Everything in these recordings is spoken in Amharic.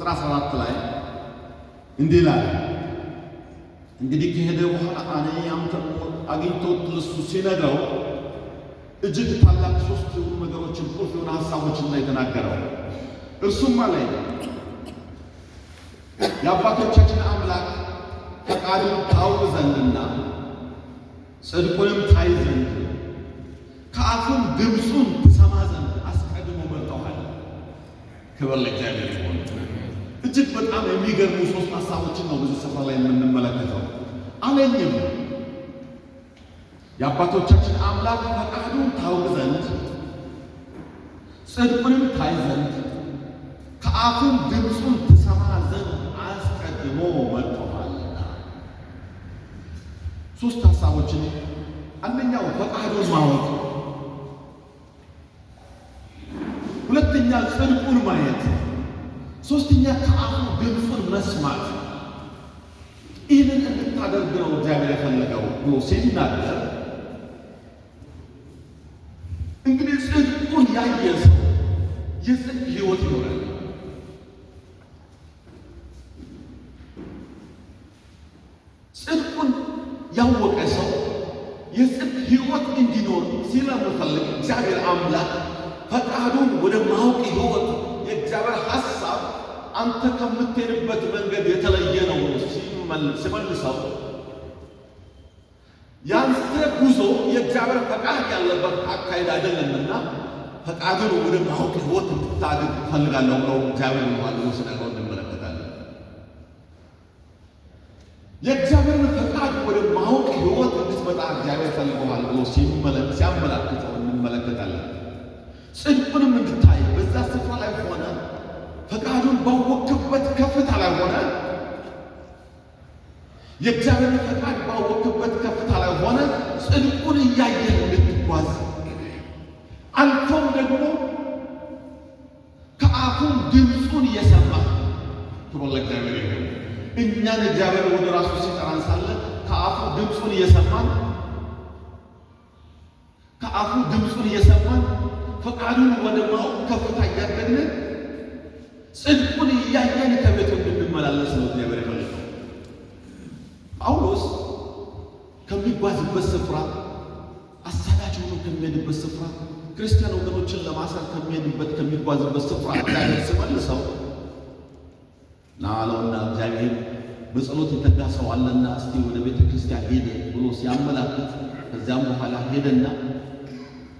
ቁጥር 14 ላይ እንዲህ ይላል። እንግዲህ ከሄደ በኋላ አናንያም አግኝቶት እሱ ሲነግረው እጅግ ታላቅ ሶስት የሆኑ ነገሮችን ቁልፍ የሆነ ሀሳቦችን ላይ የተናገረው እርሱም አለኝ የአባቶቻችን አምላክ ፈቃዱን ታውቅ ዘንድና ጽድቁንም ታይ ዘንድ ከአፉም ድምፁን ትሰማ ዘንድ አስቀድሞ መርጠዋል። ክብር ለእግዚአብሔር። እጅግ በጣም የሚገርሙ ሶስት ሀሳቦችን ነው ብዙ ስፍራ ላይ የምንመለከተው። አለኝም የአባቶቻችን አምላክ ፈቃዱን ታውቅ ዘንድ ጽድቁንም ታይ ዘንድ ከአፉም ድምፁን ትሰማ ዘንድ አስቀድሞ መጥቶሃልና። ሶስት ሀሳቦችን አንደኛው ፈቃዱን ማወቅ፣ ሁለተኛ ጽድቁን ማየት ሶስተኛ ከአፉ ድምፁን መስማት ይህንን እንድታደርግ ነው እግዚአብሔር የፈለገው ብሎ ሲናገር እንግዲህ ጽድቁን ያየ ሰው የጽድቅ ሕይወት ይኖራል። ጽድቁን ያወቀ ሰው የጽድቅ ህይወት እንዲኖር ሲለምፈልግ እግዚአብሔር አምላክ ፈቃዱን ወደ ማወቅ ሕይወት የእግዚአብሔር ሀሳብ አንተ ከምትሄድበት መንገድ የተለየ ነው ሲመልሰው ያንተ ጉዞ የእግዚአብሔር ፈቃድ ያለበት አካሄድ አይደለምና ፈቃድን ወደ ማወቅ ህይወት እንድታድግ እፈልጋለሁ ብለው እግዚአብሔር ማለት ነው እንመለከታለን። የእግዚአብሔርን ፈቃድ ወደ ማወቅ ህይወት እንድትመጣ እግዚአብሔር ፈልገዋል ብሎ ሲያመላክተው እንመለከታለን። ጽድቁንም እንድታይ በዛ ስፍራ ላይ ሆነ ፈቃዱን ባወቅበት ከፍታ ላይ ሆነ የእግዚአብሔር ፈቃድ ባወቅበት ከፍታ ላይ ሆነ ጽድቁን እያየን እንድትጓዝ አልፎም ደግሞ ከአፉም ድምፁን እየሰማ ክብር ለእግዚአብሔር ይሁን። እኛን እግዚአብሔር ወደ ራሱ ሲጠራን ሳለ ከአፉ ድምፁን እየሰማን ከአፉ ድምፁን እየሰማን ፈቃዱን ወደ ማወቅ ከፍታ እያደግንን ጽድቁን እያየን ከቤቱ እንድንመላለስ ነው እግዚአብሔር የፈለገው። ጳውሎስ ከሚጓዝበት ስፍራ አሳዳጅ ሆኖ ከሚሄድበት ስፍራ ክርስቲያን ወገኖችን ለማሳል ከሚሄድበት ከሚጓዝበት ስፍራ እግዚአብሔር ሲመልሰው ናለውና እግዚአብሔር በጸሎት የተጋ ሰው አለና እስቲ ወደ ቤተ ክርስቲያን ሄደ ብሎ ሲያመላክት ከዚያም በኋላ ሄደና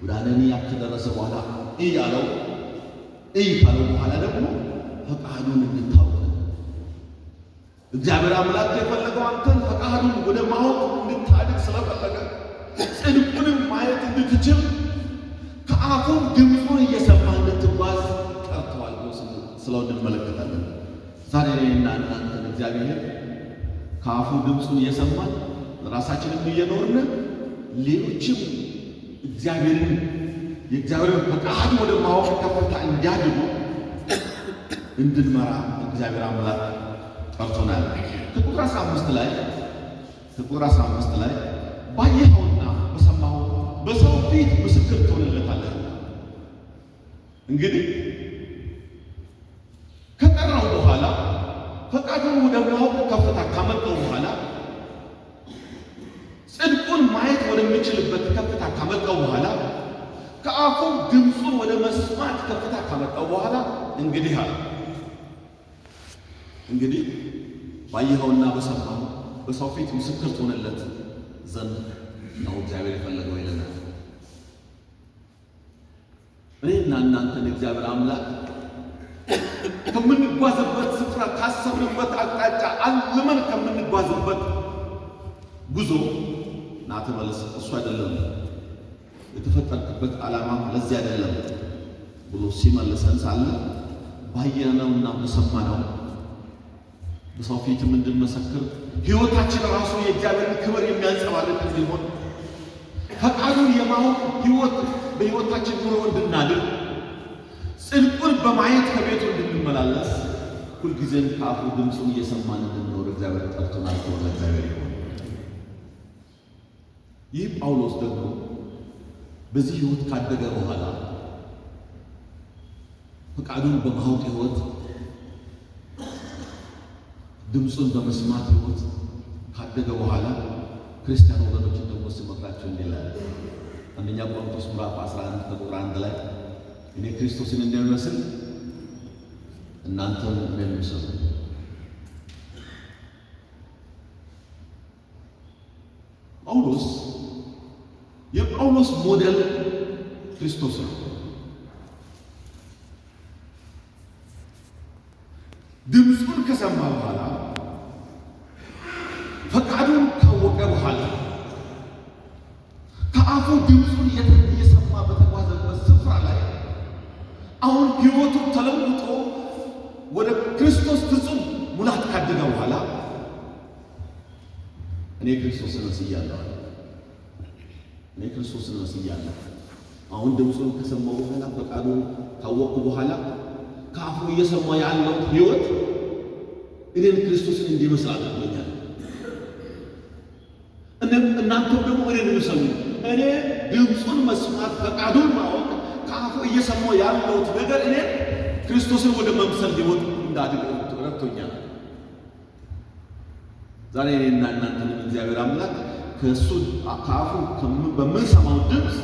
ወደ አነንያ ከደረሰ በኋላ እያለው እይ ካለው በኋላ ደግሞ ፈቃዱን እንድታውቅ እግዚአብሔር አምላክ የፈለገው አንተን ፈቃዱን ወደ ማወቅ እንድታድግ ስለፈለገ ጽድቁንም ማየት እንድትችል ከአፉ ድምፁን እየሰማ እንድትጓዝ ቀርተዋል ስለው እንመለከታለን። ዛሬ እኔና እናንተን እግዚአብሔር ከአፉ ድምፁን እየሰማን ራሳችንም እየኖርን ሌሎችም እግዚአብሔርን የእግዚአብሔርን ፈቃድ ወደ ማወቅ ከፍታ እንዲያድጉ እንድንመራ እግዚአብሔር አምላክ ጠርቶናል። ከቁጥር 15 ላይ ከቁጥር 15 ላይ ባየኸውና በሰማሁ በሰው ፊት ምስክር ትሆንለታለህ። እንግዲህ ከቀረው በኋላ ፈቃዱን ወደ ከፍታ ካመጣው በኋላ ጽድቁን ማየት ወደምችልበት ከፍታ ካመጣው በኋላ ከአፉ ድምፁን ወደ መስማት ከፍታ ካመጣው በኋላ እንግዲህ አለ እንግዲህ ባየኸውና በሰማው በሰው ፊት ምስክር ትሆነለት ዘንድ ነው እግዚአብሔር የፈለገው ይለናል። እኔና እናንተን እግዚአብሔር አምላክ ከምንጓዝበት ስፍራ ካሰብንበት አቅጣጫ አልመን ከምንጓዝበት ጉዞ ና እሱ አይደለም የተፈጠርክበት ዓላማ ለዚህ አይደለም ብሎ ሲመልሰን ሳለ እና በሰማነው በሰው ፊትም እንድንመሰክር ህይወታችን ራሱ የእግዚአብሔርን ክብር የሚያንጸባርቅ እንዲሆን ፈቃዱን የማወቅ ህይወት በህይወታችን ኑሮ እንድናድር ጽድቁን በማየት ከቤቱ እንድንመላለስ ሁልጊዜም ከአፉ ድምፁን እየሰማን እንድንኖር እግዚአብሔር ጠርቶናል። ክብር ለእግዚአብሔር ይሆን። ይህ ጳውሎስ ደግሞ በዚህ ህይወት ካደገ በኋላ ፈቃዱን በማወቅ ህይወት ድምፁን በመስማት ህይወት ካደገ በኋላ ክርስቲያን ወገኖችን ደግሞ ሲመክራቸው እንዲላል አንደኛ ቆሮንቶስ ምዕራፍ 11 ከቁጥር 1 ላይ እኔ ክርስቶስን እንደሚመስል እናንተም እንደሚመስሉ ጳውሎስ የጳውሎስ ሞዴል ክርስቶስ ነው። ድምፁን ከሰማ በኋላ ክርስቶስን መስያለሁ፣ እኔ ክርስቶስን መስያለሁ። አሁን ድምፁን ከሰማሁ በኋላ ፈቃዱን ካወቅኩ በኋላ ከአፉ እየሰማ ያለው ህይወት እኔን ክርስቶስን እንዲመስል አድርጎኛል። እናንተም ደግሞ እኔን ምሰሙ። እኔ ድምፁን መስማት ፈቃዱን ማወቅ ከአፉ እየሰማ ያለሁት ነገር እኔ ክርስቶስን ወደ መምሰል ህይወት እንዳድግ ረድቶኛል። ዛሬ እኔና እናንተንም እግዚአብሔር አምላክ ከእሱ ከአፉ በምንሰማው ድምፅ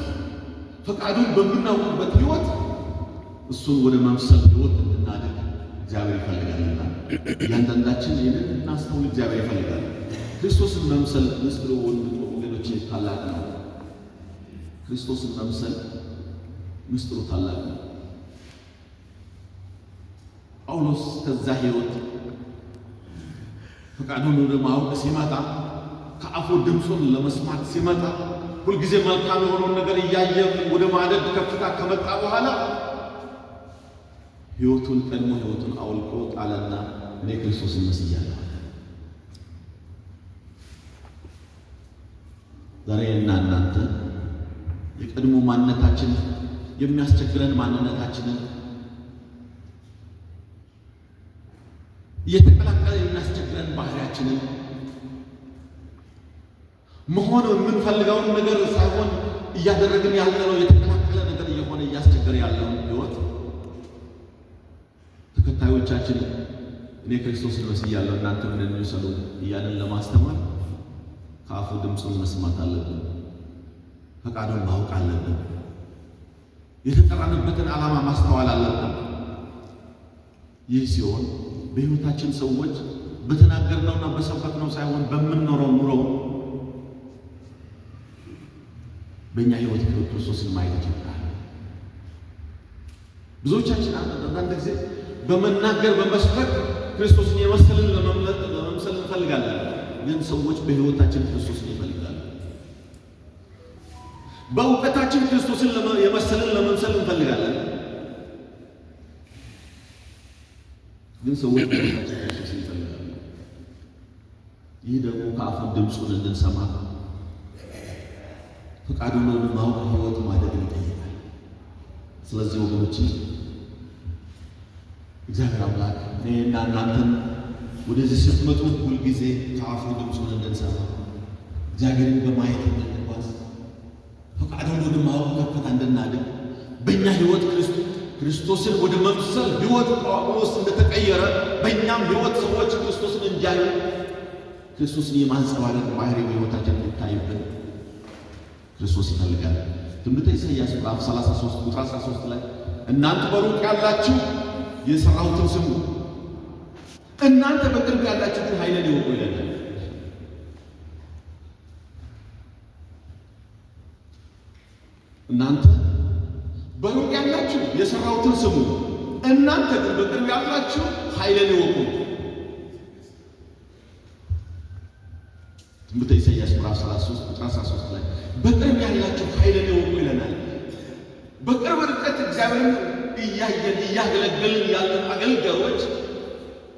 ፈቃዱን በምናውቅበት ህይወት እሱን ወደ ማምሰል ህይወት እንድናደግ እግዚአብሔር ይፈልጋልና እያንዳንዳችን ይህንን እናስተውል። እግዚአብሔር ይፈልጋል። ክርስቶስን መምሰል ምስሉ ወገኖች ታላቅ ነው። ክርስቶስን መምሰል ምስጢሩ ታላቅ ነው። ጳውሎስ ከዛ ህይወት ፈቃዱን ወደ ማወቅ ሲመጣ ከአፉ ድምፁን ለመስማት ሲመጣ ሁልጊዜ መልካም የሆነውን ነገር እያየ ወደ ማደግ ከፍታ ከመጣ በኋላ ሕይወቱን ቀድሞ ሕይወቱን አውልቆ ጣለና እኔ ክርስቶስ መስያለሁ። ዛሬ እና እናንተ የቀድሞ ማንነታችን የሚያስቸግረን ማንነታችንን እየተቀላ ሁላችንም መሆን የምንፈልገውን ነገር ሳይሆን እያደረግን ያለነው የተከታተለ ነገር እየሆነ እያስቸገረ ያለውን ህይወት ተከታዮቻችን እኔ ክርስቶስ ነው እያለው እናንተ ምን እንደሚሰሩ እያለን ለማስተማር ከአፉ ድምፁን መስማት አለብን። ፈቃዱን ማወቅ አለብን። የተጠራንበትን ዓላማ ማስተዋል አለብን። ይህ ሲሆን በህይወታችን ሰዎች በተናገርነውና በሰበክነው ሳይሆን በምንኖረው ኑሮ በእኛ ህይወት ክርስቶስን ማየት ይችላል። ብዙዎቻችን አንዳንድ ጊዜ በመናገር በመስበክ ክርስቶስን የመሰልን ለመምሰል እንፈልጋለን። ግን ሰዎች በህይወታችን ክርስቶስን ይፈልጋሉ። በእውቀታችን ክርስቶስን የመሰልን ለመምሰል እንፈልጋለን። ግን ሰዎች ይህ ደግሞ ከአፉን ድምፁን እንድንሰማ ፈቃዱን ማወቅ ህይወት ማደግ ይጠይቃል። ስለዚህ ወገኖች እግዚአብሔር አምላክ እኔና እናንተን ወደዚህ ስትመጡ ሁልጊዜ ከአፉ ድምፁን እንድንሰማ እግዚአብሔርን በማየት እንድንጓዝ ፈቃዱን ወደ ማወቅ ከፍታ እንድናድግ በእኛ ህይወት ክርስቶ ክርስቶስን ወደ መምሰል ህይወት ጳውሎስ እንደተቀየረ በእኛም ህይወት ሰዎች ክርስቶስን እንዲያዩ ክርስቶስን የማንጸባረቅ ባህሪ በሕይወታችን እንድታይብን ክርስቶስ ይፈልጋል። ትንቢተ ኢሳይያስ ምዕራፍ 33 ቁጥር 13 ላይ እናንተ በሩቅ ያላችሁ የሰራሁትን ስሙ፣ እናንተ በቅርብ ያላችሁ ግን ኃይሌን ይወቁ ይለናል። እናንተ በሩቅ ያላችሁ የሰራሁትን ስሙ፣ እናንተ ግን በቅርብ ያላችሁ ኃይሌን ይወቁ ትንቢተ ኢሳይያስ ምዕራፍ 33 ቁጥር 13 ላይ በቅርብ ያላቸው ኃይለ ነውም ይለናል። በቅርብ ርቀት እግዚአብሔርን እያየን እያገለገልን ያለን አገልጋዮች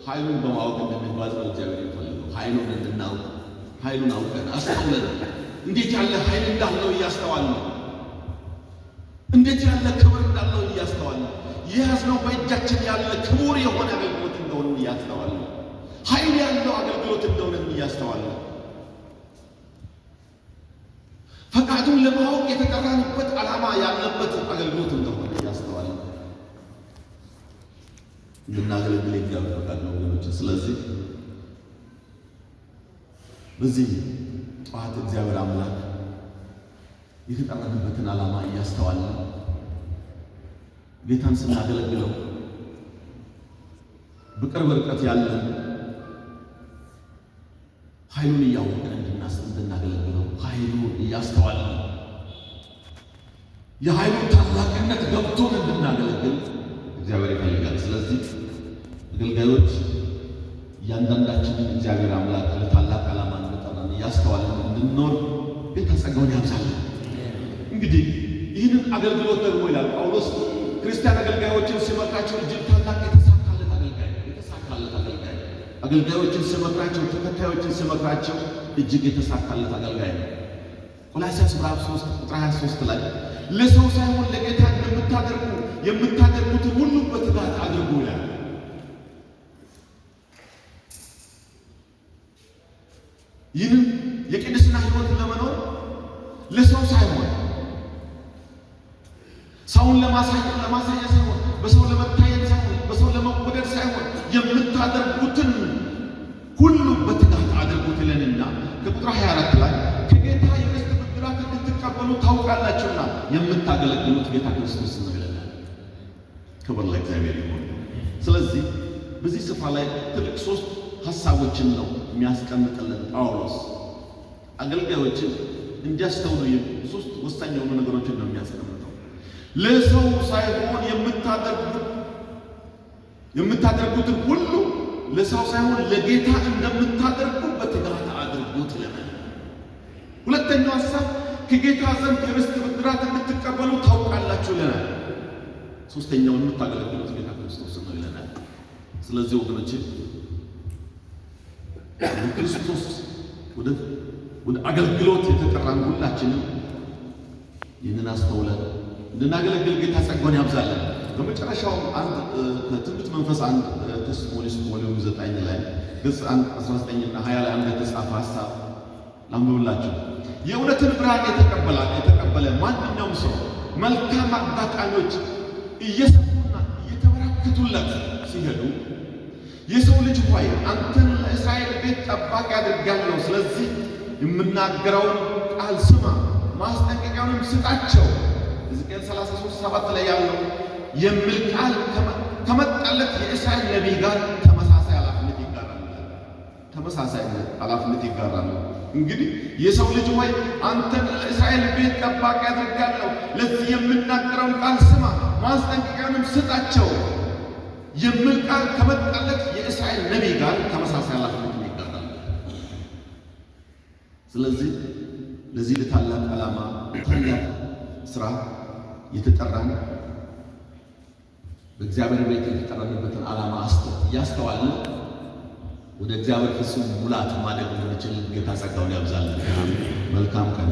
ኃይሉን በማወቅ እንደሚጓዝ ነው እግዚአብሔር የሚፈልገው። ኃይሉን እንድናውቅ ኃይሉን አውቀን አስተውለን እንዴት ያለ ኃይል እንዳለው እያስተዋል ነው። እንዴት ያለ ክብር እንዳለው እያስተዋል ነው። የያዝነው በእጃችን ያለ ክቡር የሆነ አገልግሎት እንደሆነ እያስተዋል ነው። ኃይል ያለው አገልግሎት እንደሆነ እያስተዋል ነው። ፈቃዱን ለማወቅ የተጠራንበት ዓላማ ያለበት አገልግሎት እንደሆነ ያስተዋል እንድናገለግል የእግዚአብሔር ፈቃድ ነው ወገኖች። ስለዚህ በዚህ ጠዋት እግዚአብሔር አምላክ የተጠራንበትን ዓላማ እያስተዋለ ጌታን ስናገለግለው በቅርብ ርቀት ያለን ኃይሉን እያወቀ እንድናስ እንድናገለግለው ኃይሉ እያስተዋል የኃይሉ ታላቅነት ገብቶን እንድናገለግል እግዚአብሔር ይፈልጋል። ስለዚህ አገልጋዮች እያንዳንዳችንን እግዚአብሔር አምላክ ለታላቅ ዓላማ እንጠራን እያስተዋልን እንድንኖር ቤተ ጸጋውን ያብዛለን። እንግዲህ ይህንን አገልግሎት ደግሞ ይላል ጳውሎስ ክርስቲያን አገልጋዮችን ሲመጣቸው እጅግ ታላቅ የተሰ አገልጋዮችን ስመክራቸው፣ ተከታዮችን ስመክራቸው እጅግ የተሳካለት አገልጋይ ነው። ቆላሲያስ ምዕራፍ 3 ቁጥር 23 ላይ ለሰው ሳይሆን ለጌታ እንደምታደርጉ የምታደርጉትን ሁሉ በትጋት አድርጉ ይላል። ያገለገሉት ጌታ ክርስቶስ ነው ይለናል። ክብር ለእግዚአብሔር ይሁን። ስለዚህ በዚህ ስፍራ ላይ ትልቅ ሶስት ሀሳቦችን ነው የሚያስቀምጥልን ጳውሎስ አገልጋዮችን እንዲያስተውሉ ሶስት ወሳኝ የሆኑ ነገሮችን ነው የሚያስቀምጠው። ለሰው ሳይሆን የምታደርጉት የምታደርጉትን ሁሉ ለሰው ሳይሆን ለጌታ እንደምታደርጉ በትጋት አድርጉት ይለናል። ሁለተኛው ሀሳብ ከጌታ ዘንድ የርስት ብድራት እንድትቀበሉ ታውቃላችሁ ይለናል። ሶስተኛውን የምታገለግሉት ጌታ ክርስቶስ ነው ይለናል። ስለዚህ ወገኖች ክርስቶስ ወደ ወደ አገልግሎት የተጠራን ሁላችንም ይህንን አስተውለን እንድናገለግል ጌታ ጸጋውን ያብዛለን። በመጨረሻው አንድ ከትንቢት መንፈስ አንድ ተስሞኒስ ሞሊዮም ዘጠኝ ላይ ገጽ 19 እና 20 ላይ አንድ የተጻፈ ሀሳብ ላምብላችሁ የእውነትን ብርሃን የተቀበላ የተቀበለ ማንኛውም ሰው መልካም አጋጣሚዎች እየሰፉና እየተበራከቱለት ሲሄዱ የሰው ልጅ ሆይ አንተን ለእስራኤል ቤት ጠባቂ አድርጋለሁ፣ ስለዚህ የምናገረውን ቃል ስማ፣ ማስጠንቀቂያውንም ስጣቸው ሕዝቅኤል 33 ሰባት ላይ ያለው የሚል ቃል ከመጣለት የእስራኤል ነቢይ ጋር ተመሳሳይ ኃላፊነት ይጋራል። ተመሳሳይ ኃላፊነት ይጋራል። እንግዲህ የሰው ልጅ ሆይ አንተን ለእስራኤል ቤት ጠባቂ አድርጋለሁ። ለዚህ የምናገረውን ቃል ስማ፣ ማስጠንቀቂያንም ስጣቸው የምል ቃል ከመጣለት የእስራኤል ነቢይ ጋር ተመሳሳይ ኃላፊነት ይጋራል። ስለዚህ ለዚህ ለታላቅ ዓላማ ታላቅ ስራ የተጠራን በእግዚአብሔር ቤት የተጠራንበትን ዓላማ አስተው እያስተዋልን ወደ እግዚአብሔር ፍጹም ሙላት ማደግ እንድንችል ጌታ ጸጋውን ያብዛልን። መልካም ቀን